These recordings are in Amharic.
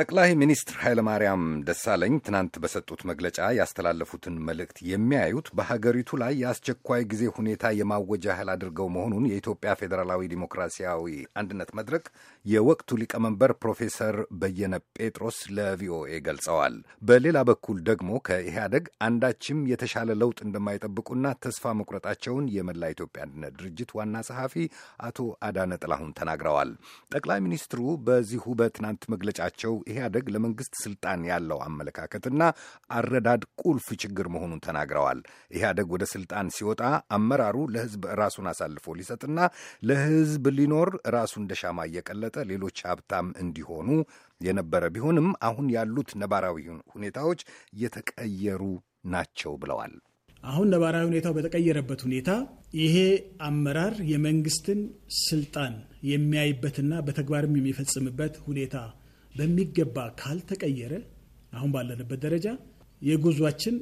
ጠቅላይ ሚኒስትር ኃይለማርያም ደሳለኝ ትናንት በሰጡት መግለጫ ያስተላለፉትን መልእክት የሚያዩት በሀገሪቱ ላይ የአስቸኳይ ጊዜ ሁኔታ የማወጃ ያህል አድርገው መሆኑን የኢትዮጵያ ፌዴራላዊ ዲሞክራሲያዊ አንድነት መድረክ የወቅቱ ሊቀመንበር ፕሮፌሰር በየነ ጴጥሮስ ለቪኦኤ ገልጸዋል። በሌላ በኩል ደግሞ ከኢህአደግ አንዳችም የተሻለ ለውጥ እንደማይጠብቁና ተስፋ መቁረጣቸውን የመላ ኢትዮጵያ አንድነት ድርጅት ዋና ጸሐፊ አቶ አዳነ ጥላሁን ተናግረዋል። ጠቅላይ ሚኒስትሩ በዚሁ በትናንት መግለጫቸው ኢህአደግ ለመንግስት ስልጣን ያለው አመለካከትና አረዳድ ቁልፍ ችግር መሆኑን ተናግረዋል። ኢህአደግ ወደ ስልጣን ሲወጣ አመራሩ ለህዝብ ራሱን አሳልፎ ሊሰጥና ለህዝብ ሊኖር ራሱ እንደ ሻማ እየቀለጠ ሌሎች ሀብታም እንዲሆኑ የነበረ ቢሆንም አሁን ያሉት ነባራዊ ሁኔታዎች የተቀየሩ ናቸው ብለዋል። አሁን ነባራዊ ሁኔታው በተቀየረበት ሁኔታ ይሄ አመራር የመንግስትን ስልጣን የሚያይበትና በተግባርም የሚፈጽምበት ሁኔታ በሚገባ ካልተቀየረ አሁን ባለንበት ደረጃ የጉዟችን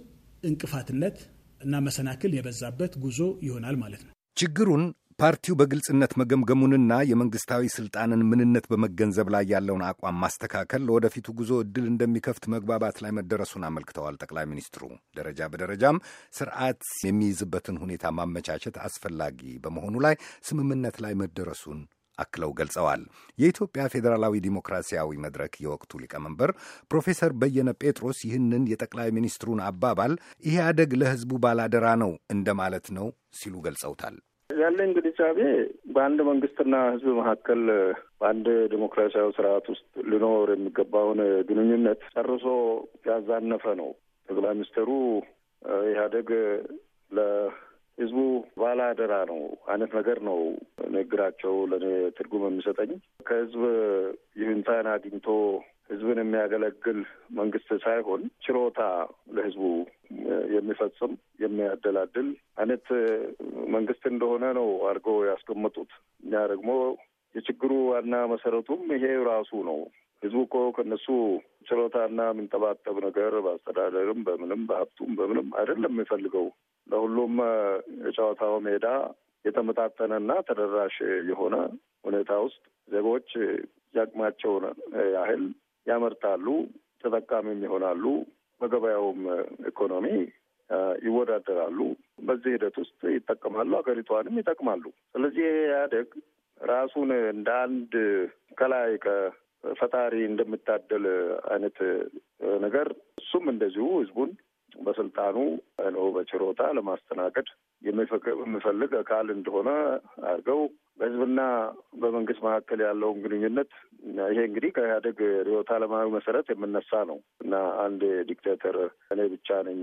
እንቅፋትነት እና መሰናክል የበዛበት ጉዞ ይሆናል ማለት ነው። ችግሩን ፓርቲው በግልጽነት መገምገሙንና የመንግስታዊ ስልጣንን ምንነት በመገንዘብ ላይ ያለውን አቋም ማስተካከል ለወደፊቱ ጉዞ እድል እንደሚከፍት መግባባት ላይ መደረሱን አመልክተዋል ጠቅላይ ሚኒስትሩ። ደረጃ በደረጃም ስርዓት የሚይዝበትን ሁኔታ ማመቻቸት አስፈላጊ በመሆኑ ላይ ስምምነት ላይ መደረሱን አክለው ገልጸዋል። የኢትዮጵያ ፌዴራላዊ ዲሞክራሲያዊ መድረክ የወቅቱ ሊቀመንበር ፕሮፌሰር በየነ ጴጥሮስ ይህንን የጠቅላይ ሚኒስትሩን አባባል ኢህአደግ ለህዝቡ ባላደራ ነው እንደማለት ነው ሲሉ ገልጸውታል። እንግዲህ ጫቤ በአንድ መንግስትና ህዝብ መካከል በአንድ ዲሞክራሲያዊ ስርዓት ውስጥ ሊኖር የሚገባውን ግንኙነት ጨርሶ ያዛነፈ ነው። ጠቅላይ ሚኒስትሩ ኢህአደግ ህዝቡ ባለአደራ ነው አይነት ነገር ነው ንግግራቸው ለእኔ ትርጉም የሚሰጠኝ። ከህዝብ ይሁንታን አግኝቶ ህዝብን የሚያገለግል መንግስት ሳይሆን ችሮታ ለህዝቡ የሚፈጽም የሚያደላድል አይነት መንግስት እንደሆነ ነው አድርገው ያስቀመጡት። እኛ ደግሞ የችግሩ ዋና መሰረቱም ይሄ ራሱ ነው። ህዝቡ እኮ ከነሱ ችሎታና የሚንጠባጠብ ነገር በአስተዳደርም፣ በምንም፣ በሀብቱም፣ በምንም አይደለም የሚፈልገው ለሁሉም የጨዋታው ሜዳ የተመጣጠነና ተደራሽ የሆነ ሁኔታ ውስጥ ዜጎች ያቅማቸውን ያህል ያመርታሉ፣ ተጠቃሚም ይሆናሉ፣ በገበያውም ኢኮኖሚ ይወዳደራሉ። በዚህ ሂደት ውስጥ ይጠቀማሉ፣ ሀገሪቷንም ይጠቅማሉ። ስለዚህ ኢህአዴግ ራሱን እንደ አንድ ከላይ ከፈጣሪ እንደምታደል አይነት ነገር እሱም እንደዚሁ ህዝቡን በስልጣኑ ነው በችሮታ ለማስተናገድ የሚፈልግ አካል እንደሆነ አድርገው በህዝብና በመንግስት መካከል ያለውን ግንኙነት ይሄ እንግዲህ ከኢህአደግ ርዕዮተ ዓለማዊ መሰረት የምነሳ ነው እና አንድ ዲክቴተር እኔ ብቻ ነኝ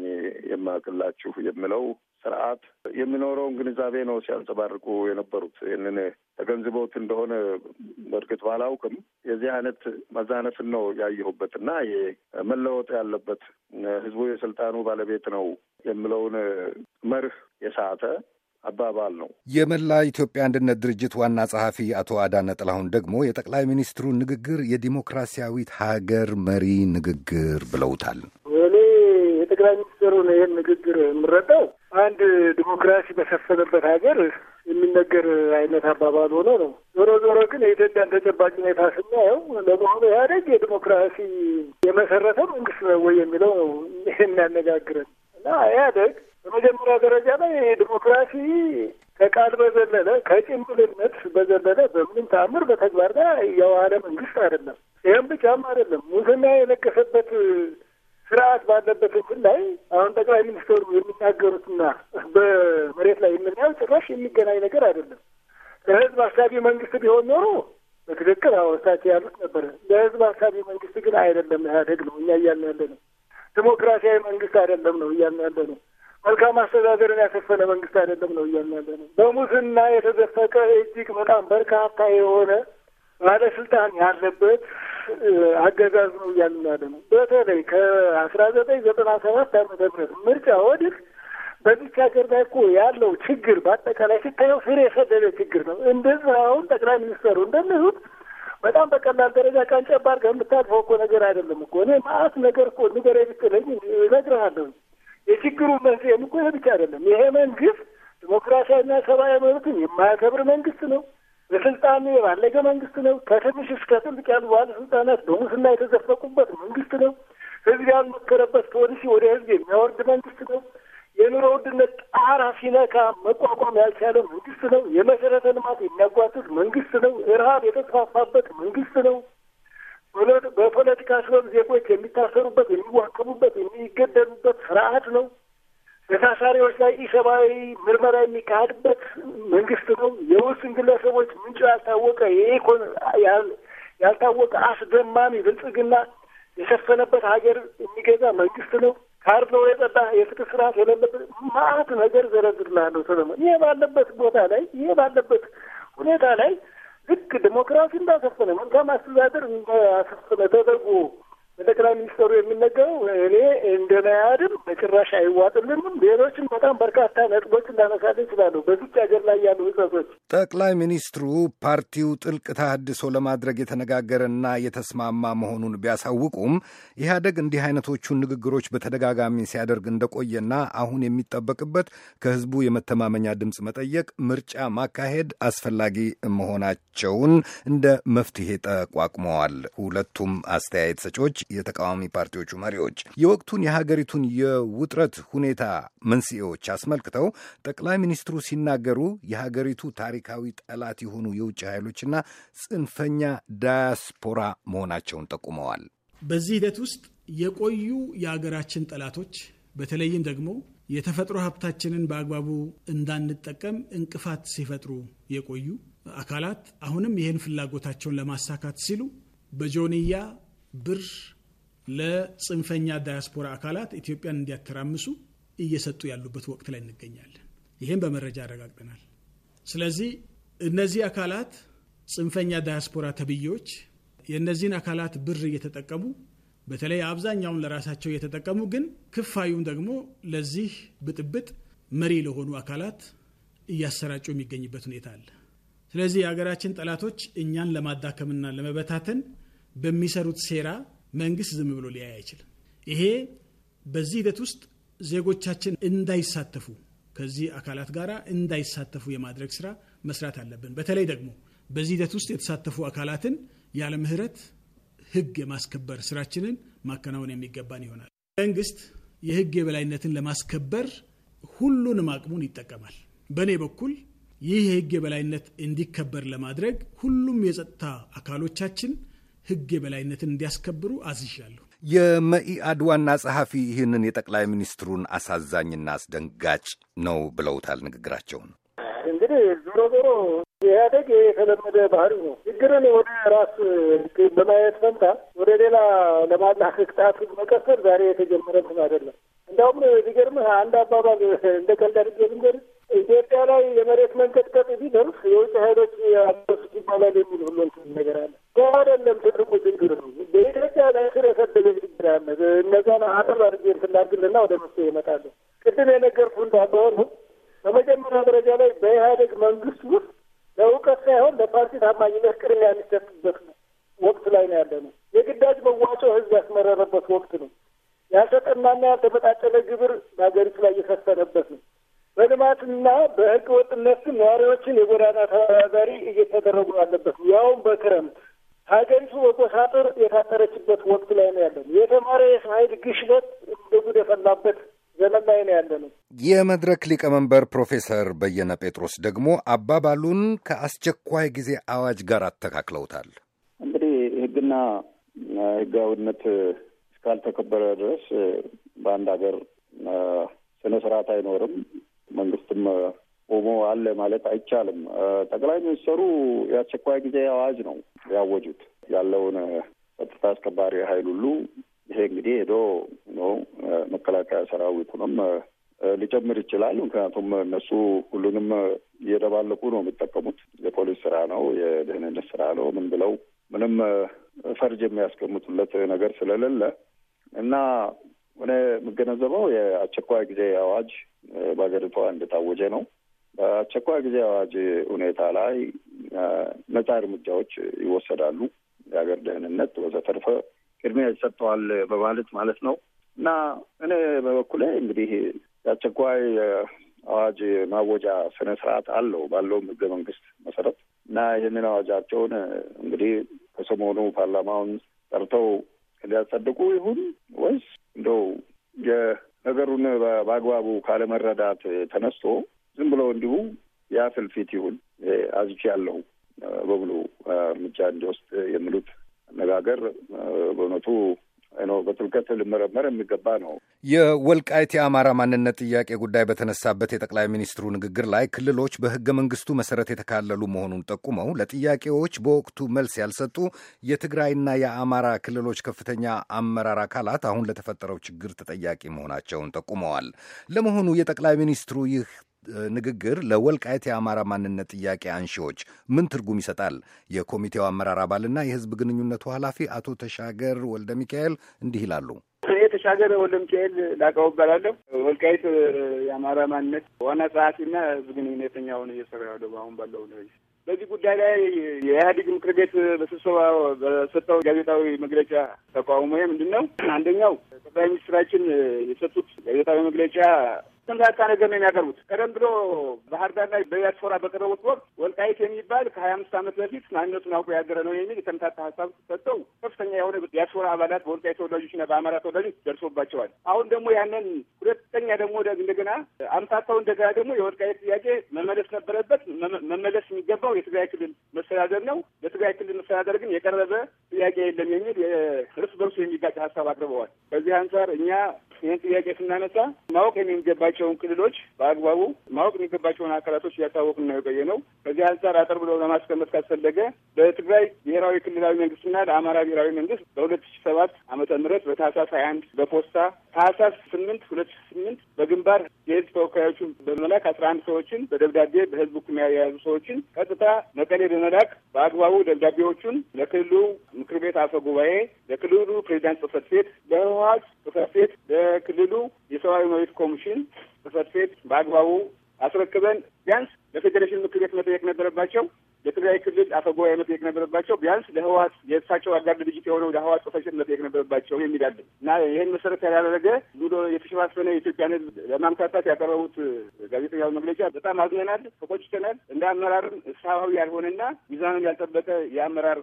የማቅላችሁ የሚለው ስርዓት የሚኖረውን ግንዛቤ ነው ሲያንጸባርቁ የነበሩት። ይህንን ተገንዝቦት እንደሆነ በእርግጥ ባላውቅም የዚህ አይነት መዛነፍን ነው ያየሁበት እና መለወጥ ያለበት ህዝቡ የስልጣኑ ባለቤት ነው የሚለውን መርህ የሳተ አባባል ነው። የመላ ኢትዮጵያ አንድነት ድርጅት ዋና ጸሐፊ አቶ አዳነ ጥላሁን ደግሞ የጠቅላይ ሚኒስትሩ ንግግር የዲሞክራሲያዊት ሀገር መሪ ንግግር ብለውታል። ጠቅላይ ሚኒስትሩን ይህን ንግግር የምረዳው አንድ ዲሞክራሲ በሰፈነበት ሀገር የሚነገር አይነት አባባል ሆኖ ነው። ዞሮ ዞሮ ግን የኢትዮጵያን ተጨባጭ ሁኔታ ስናየው ለመሆኑ ኢህአዴግ የዲሞክራሲ የመሰረተ መንግስት ነው ወይ የሚለው ነው የሚያነጋግረን እና ኢህአዴግ በመጀመሪያ ደረጃ ላይ ዲሞክራሲ ከቃል በዘለለ ከጭምብልነት በዘለለ በምንም ተአምር በተግባር ላይ የዋለ መንግስት አይደለም። ይህም ብቻም አይደለም ሙስና የነገሰበት ስርዓት ባለበት ክፍል ላይ አሁን ጠቅላይ ሚኒስትሩ የሚናገሩትና በመሬት ላይ የምናየው ጭራሽ የሚገናኝ ነገር አይደለም። ለህዝብ አሳቢ መንግስት ቢሆን ኖሮ በትክክል አወሳት ያሉት ነበረ። ለህዝብ አሳቢ መንግስት ግን አይደለም ኢህአዴግ ነው እኛ እያልን ያለ ነው። ዲሞክራሲያዊ መንግስት አይደለም ነው እያልን ያለ ነው። መልካም አስተዳደርን ያሰፈነ መንግስት አይደለም ነው እያልን ያለ ነው። በሙስና የተዘፈቀ እጅግ በጣም በርካታ የሆነ ባለስልጣን ያለበት አገዛዝ ነው እያሉ ያለ ነው። በተለይ ከአስራ ዘጠኝ ዘጠና ሰባት አመተ ምህረት ምርጫ ወዲህ በዚች ሀገር ላይ እኮ ያለው ችግር በአጠቃላይ ሲታየው ስር የሰደደ ችግር ነው። እንደዚህ አሁን ጠቅላይ ሚኒስተሩ እንደሚሉት በጣም በቀላል ደረጃ ቀንጨብ አድርገህ የምታልፈው እኮ ነገር አይደለም እኮ እኔ ማአት ነገር እኮ ንገረኝ ብትለኝ እነግርሃለሁ። የችግሩ መንስኤም እኮ ይሄ ብቻ አይደለም። ይሄ መንግስት ዲሞክራሲያዊና ሰብአዊ መብትን የማያከብር መንግስት ነው። ለስልጣን የባለገ መንግስት ነው። ከትንሽ እስከ ትልቅ ያሉ ባለስልጣናት በሙስና የተዘፈቁበት መንግስት ነው። ህዝብ ያልመከረበት ፖሊሲ ወደ ህዝብ የሚያወርድ መንግስት ነው። የኑሮ ውድነት ጣራ ሲነካ መቋቋም ያልቻለ መንግስት ነው። የመሰረተ ልማት የሚያጓትት መንግስት ነው። እርሃብ የተስፋፋበት መንግስት ነው። በፖለቲካ ስበብ ዜጎች የሚታሰሩበት፣ የሚዋከቡበት፣ የሚገደሉበት ስርዓት ነው። በታሳሪዎች ላይ ኢሰብአዊ ምርመራ የሚካሄድበት መንግስት ነው። የውስን ግለሰቦች ምንጩ ያልታወቀ የኢኮን ያልታወቀ አስደማሚ ብልጽግና የሰፈነበት ሀገር የሚገዛ መንግስት ነው። ካርዶ የጸዳ የፍትህ ስርዓት የሌለበት ማአት ነገር ዘረዝርላለሁ ሰለሞን። ይሄ ባለበት ቦታ ላይ ይሄ ባለበት ሁኔታ ላይ ልክ ዲሞክራሲ እንዳሰፈነ መልካም አስተዳደር እንዳሰፈነ ተደርጎ በጠቅላይ ሚኒስትሩ የሚነገረው እኔ እንደመያድም በጭራሽ አይዋጥልንም። ሌሎችም በጣም በርካታ ነጥቦች እንዳነሳለ ይችላሉ። በዚች ሀገር ላይ ያሉ ህጸቶች ጠቅላይ ሚኒስትሩ ፓርቲው ጥልቅ ተሃድሶ ለማድረግ የተነጋገረና የተስማማ መሆኑን ቢያሳውቁም ኢህአደግ እንዲህ አይነቶቹን ንግግሮች በተደጋጋሚ ሲያደርግ እንደቆየና አሁን የሚጠበቅበት ከህዝቡ የመተማመኛ ድምፅ መጠየቅ፣ ምርጫ ማካሄድ አስፈላጊ መሆናቸውን እንደ መፍትሄ ጠቋቁመዋል። ሁለቱም አስተያየት ሰጪዎች የተቃዋሚ ፓርቲዎቹ መሪዎች የወቅቱን የሀገሪቱን የውጥረት ሁኔታ መንስኤዎች አስመልክተው ጠቅላይ ሚኒስትሩ ሲናገሩ የሀገሪቱ ታሪካዊ ጠላት የሆኑ የውጭ ኃይሎችና ጽንፈኛ ዳያስፖራ መሆናቸውን ጠቁመዋል። በዚህ ሂደት ውስጥ የቆዩ የሀገራችን ጠላቶች በተለይም ደግሞ የተፈጥሮ ሀብታችንን በአግባቡ እንዳንጠቀም እንቅፋት ሲፈጥሩ የቆዩ አካላት አሁንም ይህን ፍላጎታቸውን ለማሳካት ሲሉ በጆንያ ብር ለጽንፈኛ ዳያስፖራ አካላት ኢትዮጵያን እንዲያተራምሱ እየሰጡ ያሉበት ወቅት ላይ እንገኛለን። ይህም በመረጃ አረጋግጠናል። ስለዚህ እነዚህ አካላት ጽንፈኛ ዳያስፖራ ተብዬዎች የእነዚህን አካላት ብር እየተጠቀሙ በተለይ አብዛኛውን ለራሳቸው እየተጠቀሙ ግን ክፋዩም ደግሞ ለዚህ ብጥብጥ መሪ ለሆኑ አካላት እያሰራጩ የሚገኝበት ሁኔታ አለ። ስለዚህ የሀገራችን ጠላቶች እኛን ለማዳከምና ለመበታተን በሚሰሩት ሴራ መንግስት ዝም ብሎ ሊያይ አይችልም። ይሄ በዚህ ሂደት ውስጥ ዜጎቻችን እንዳይሳተፉ ከዚህ አካላት ጋር እንዳይሳተፉ የማድረግ ስራ መስራት አለብን። በተለይ ደግሞ በዚህ ሂደት ውስጥ የተሳተፉ አካላትን ያለ ምህረት ህግ የማስከበር ስራችንን ማከናወን የሚገባን ይሆናል። መንግስት የህግ የበላይነትን ለማስከበር ሁሉንም አቅሙን ይጠቀማል። በእኔ በኩል ይህ የህግ የበላይነት እንዲከበር ለማድረግ ሁሉም የጸጥታ አካሎቻችን ሕግ የበላይነትን እንዲያስከብሩ አዝዣለሁ። የመኢአድ ዋና ጸሐፊ ይህንን የጠቅላይ ሚኒስትሩን አሳዛኝና አስደንጋጭ ነው ብለውታል ንግግራቸውን። እንግዲህ ዞሮ ዞሮ ኢህአዴግ የተለመደ ባህሪ ነው። ችግርን ወደ ራስ በማየት ፈንታ ወደ ሌላ ለማላክ ቅጣት መቀሰር ዛሬ የተጀመረ እንትን አይደለም። እንዲያውም ቢገርምህ አንድ አባባል እንደ ቀልድ አድርጌ ልንገርህ ኢትዮጵያ ላይ የመሬት መንቀጥቀጥ ቢደርስ የውጭ ኃይሎች አደረሱት ይባላል። አጠር አድርጌ ስላግልና ወደ መፍትሄ እመጣለሁ። ቅድም የነገርኩህ እንዳልሆኑ በመጀመሪያ ደረጃ ላይ በኢህአዴግ መንግስት ውስጥ ለእውቀት ሳይሆን ለፓርቲ ታማኝነት ቅድሚያ የሚሰጥበት ወቅት ላይ ነው ያለ ነው። የግዳጅ መዋጮ ህዝብ ያስመረረበት ወቅት ነው። ያልተጠናና ያልተመጣጠነ ግብር በሀገሪቱ ላይ እየሰፈነበት ነው። በልማትና በህገ ወጥነት ነዋሪዎችን የጎዳና ተዳዳሪ እየተደረጉ ያለበት ያውም በክረምት ሀገሪቱ በቆሳጥር የታጠረችበት ወቅት ላይ ነው ያለነው። የተማረ የኃይል ግሽበት እንደ ጉድ የፈላበት ዘመን ላይ ነው ያለነው። የመድረክ ሊቀመንበር ፕሮፌሰር በየነ ጴጥሮስ ደግሞ አባባሉን ከአስቸኳይ ጊዜ አዋጅ ጋር አተካክለውታል። እንግዲህ ህግና ህጋዊነት እስካልተከበረ ድረስ በአንድ ሀገር ስነ ስርዓት አይኖርም። መንግስትም ቆሞ አለ ማለት አይቻልም። ጠቅላይ ሚኒስትሩ የአስቸኳይ ጊዜ አዋጅ ነው ያወጁት ያለውን ጸጥታ አስከባሪ ኃይል ሁሉ ይሄ እንግዲህ ሄዶ ነው መከላከያ ሰራዊቱንም ሊጨምር ይችላል። ምክንያቱም እነሱ ሁሉንም እየደባለቁ ነው የሚጠቀሙት። የፖሊስ ስራ ነው፣ የደህንነት ስራ ነው። ምን ብለው ምንም ፈርጅ የሚያስቀምጡለት ነገር ስለሌለ እና እኔ የምገነዘበው የአስቸኳይ ጊዜ አዋጅ በሀገሪቷ እንደታወጀ ነው። በአስቸኳይ ጊዜ አዋጅ ሁኔታ ላይ ነጻ እርምጃዎች ይወሰዳሉ፣ የሀገር ደህንነት ወዘተርፈ ቅድሚያ ይሰጠዋል በማለት ማለት ነው እና እኔ በበኩሌ እንግዲህ የአስቸኳይ አዋጅ ማወጃ ስነ ስርዓት አለው ባለውም ህገ መንግስት መሰረት እና ይህንን አዋጃቸውን እንግዲህ ከሰሞኑ ፓርላማውን ጠርተው እንዲያጸድቁ ይሁን ወይስ እንደው የነገሩን በአግባቡ ካለመረዳት ተነስቶ ዝም ብሎ እንዲሁ ያ ፍልፊት ይሁን አዝቼ ያለው በሙሉ እርምጃ እንዲወስድ የሚሉት አነጋገር በእውነቱ ነው በጥልቀት ልመረመር የሚገባ ነው። የወልቃይት የአማራ ማንነት ጥያቄ ጉዳይ በተነሳበት የጠቅላይ ሚኒስትሩ ንግግር ላይ ክልሎች በሕገ መንግስቱ መሰረት የተካለሉ መሆኑን ጠቁመው ለጥያቄዎች በወቅቱ መልስ ያልሰጡ የትግራይና የአማራ ክልሎች ከፍተኛ አመራር አካላት አሁን ለተፈጠረው ችግር ተጠያቂ መሆናቸውን ጠቁመዋል። ለመሆኑ የጠቅላይ ሚኒስትሩ ይህ ንግግር ለወልቃይት የአማራ ማንነት ጥያቄ አንሺዎች ምን ትርጉም ይሰጣል? የኮሚቴው አመራር አባልና የህዝብ ግንኙነቱ ኃላፊ አቶ ተሻገር ወልደ ሚካኤል እንዲህ ይላሉ። እኔ ተሻገር ወልደ ሚካኤል ላቀው እባላለሁ። ወልቃይት የአማራ ማንነት ዋና ጸሐፊና ህዝብ ግንኙነተኛ ሆነ እየሰራ ያለው አሁን ባለው በዚህ ጉዳይ ላይ የኢህአዴግ ምክር ቤት በስብሰባ በሰጠው ጋዜጣዊ መግለጫ ተቃውሞ ምንድን ነው? አንደኛው ጠቅላይ ሚኒስትራችን የሰጡት ጋዜጣዊ መግለጫ ተምታታ ነገር ነው የሚያቀርቡት። ቀደም ብሎ ባህር ላይ በዲያስፖራ በቀረቡት ወቅት ወልቃይት የሚባል ከሀያ አምስት ዓመት በፊት ማንነቱን አውቆ ያደረ ነው የሚል የተምታታ ሀሳብ ሰጥተው ከፍተኛ የሆነ ዲያስፖራ አባላት በወልቃይት ተወላጆችና በአማራ ተወላጆች ደርሶባቸዋል። አሁን ደግሞ ያንን ሁለተኛ ደግሞ እንደገና አምታታው እንደገና ደግሞ የወልቃይት ጥያቄ መመለስ ነበረበት። መመለስ የሚገባው የትግራይ ክልል መስተዳደር ነው። ለትግራይ ክልል መስተዳደር ግን የቀረበ ጥያቄ የለም የሚል የራሳቸው ሀሳብ አቅርበዋል። በዚህ አንጻር እኛ ይህን ጥያቄ ስናነሳ ማወቅ የሚገባቸውን ክልሎች በአግባቡ ማወቅ የሚገባቸውን አካላቶች እያሳወቅን ነው የቆየ ነው። በዚህ አንጻር አጠር ብሎ ለማስቀመጥ ካስፈለገ በትግራይ ብሔራዊ ክልላዊ መንግስትና ለአማራ ብሔራዊ መንግስት በሁለት ሺ ሰባት አመተ ምህረት በታህሳስ ሀያ አንድ በፖስታ ታህሳስ ስምንት ሁለት ሺ ስምንት በግንባር የህዝብ ተወካዮችን በመላክ አስራ አንድ ሰዎችን በደብዳቤ በህዝብ ኩሚያ የያዙ ሰዎችን ቀጥታ መቀሌ በመላክ በአግባቡ ደብዳቤዎቹን ለክልሉ ምክር ቤት አፈ ጉባኤ፣ ለክልሉ ፕሬዚዳንት ጽህፈት ቤት፣ ለህወሀት ጽህፈት ቤት፣ ለክልሉ የሰብአዊ መብት ኮሚሽን ጽህፈት ቤት በአግባቡ አስረክበን ቢያንስ ለፌዴሬሽን ምክር ቤት መጠየቅ ነበረባቸው። ለትግራይ ክልል አፈጉባኤ መጠየቅ ነበረባቸው። ቢያንስ ለህወሓት የእሳቸው አጋር ድርጅት የሆነው ለህወሓት ጽሕፈት መጠየቅ ነበረባቸው የሚል አለ እና ይህን መሰረት ያላደረገ ብሎ የተሸፋፈነ የኢትዮጵያን ህዝብ ለማምታታት ያቀረቡት ጋዜጠኛው መግለጫ በጣም አዝነናል፣ ተቆጭተናል። እንደ አመራርም ፍትሐዊ ያልሆነና ሚዛኑን ያልጠበቀ የአመራር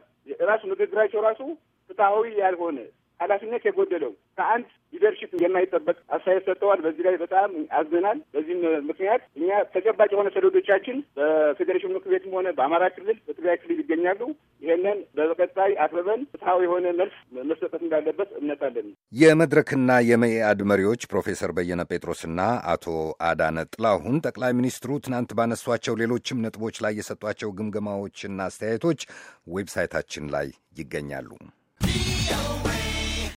ራሱ ንግግራቸው ራሱ ፍትሐዊ ያልሆነ ኃላፊነት የጎደለው ከአንድ ሊደርሽፕ የማይጠበቅ አስተያየት ሰጥተዋል። በዚህ ላይ በጣም አዝነናል። በዚህም ምክንያት እኛ ተጨባጭ የሆነ ሰደዶቻችን በፌዴሬሽን ምክር ቤትም ሆነ በአማራ ክልል፣ በትግራይ ክልል ይገኛሉ። ይህንን በቀጣይ አቅርበን ፍትሐዊ የሆነ መልስ መሰጠት እንዳለበት እምነት አለን። የመድረክና የመኢአድ መሪዎች ፕሮፌሰር በየነ ጴጥሮስና አቶ አዳነ ጥላሁን ጠቅላይ ሚኒስትሩ ትናንት ባነሷቸው ሌሎችም ነጥቦች ላይ የሰጧቸው ግምገማዎችና አስተያየቶች ዌብሳይታችን ላይ ይገኛሉ።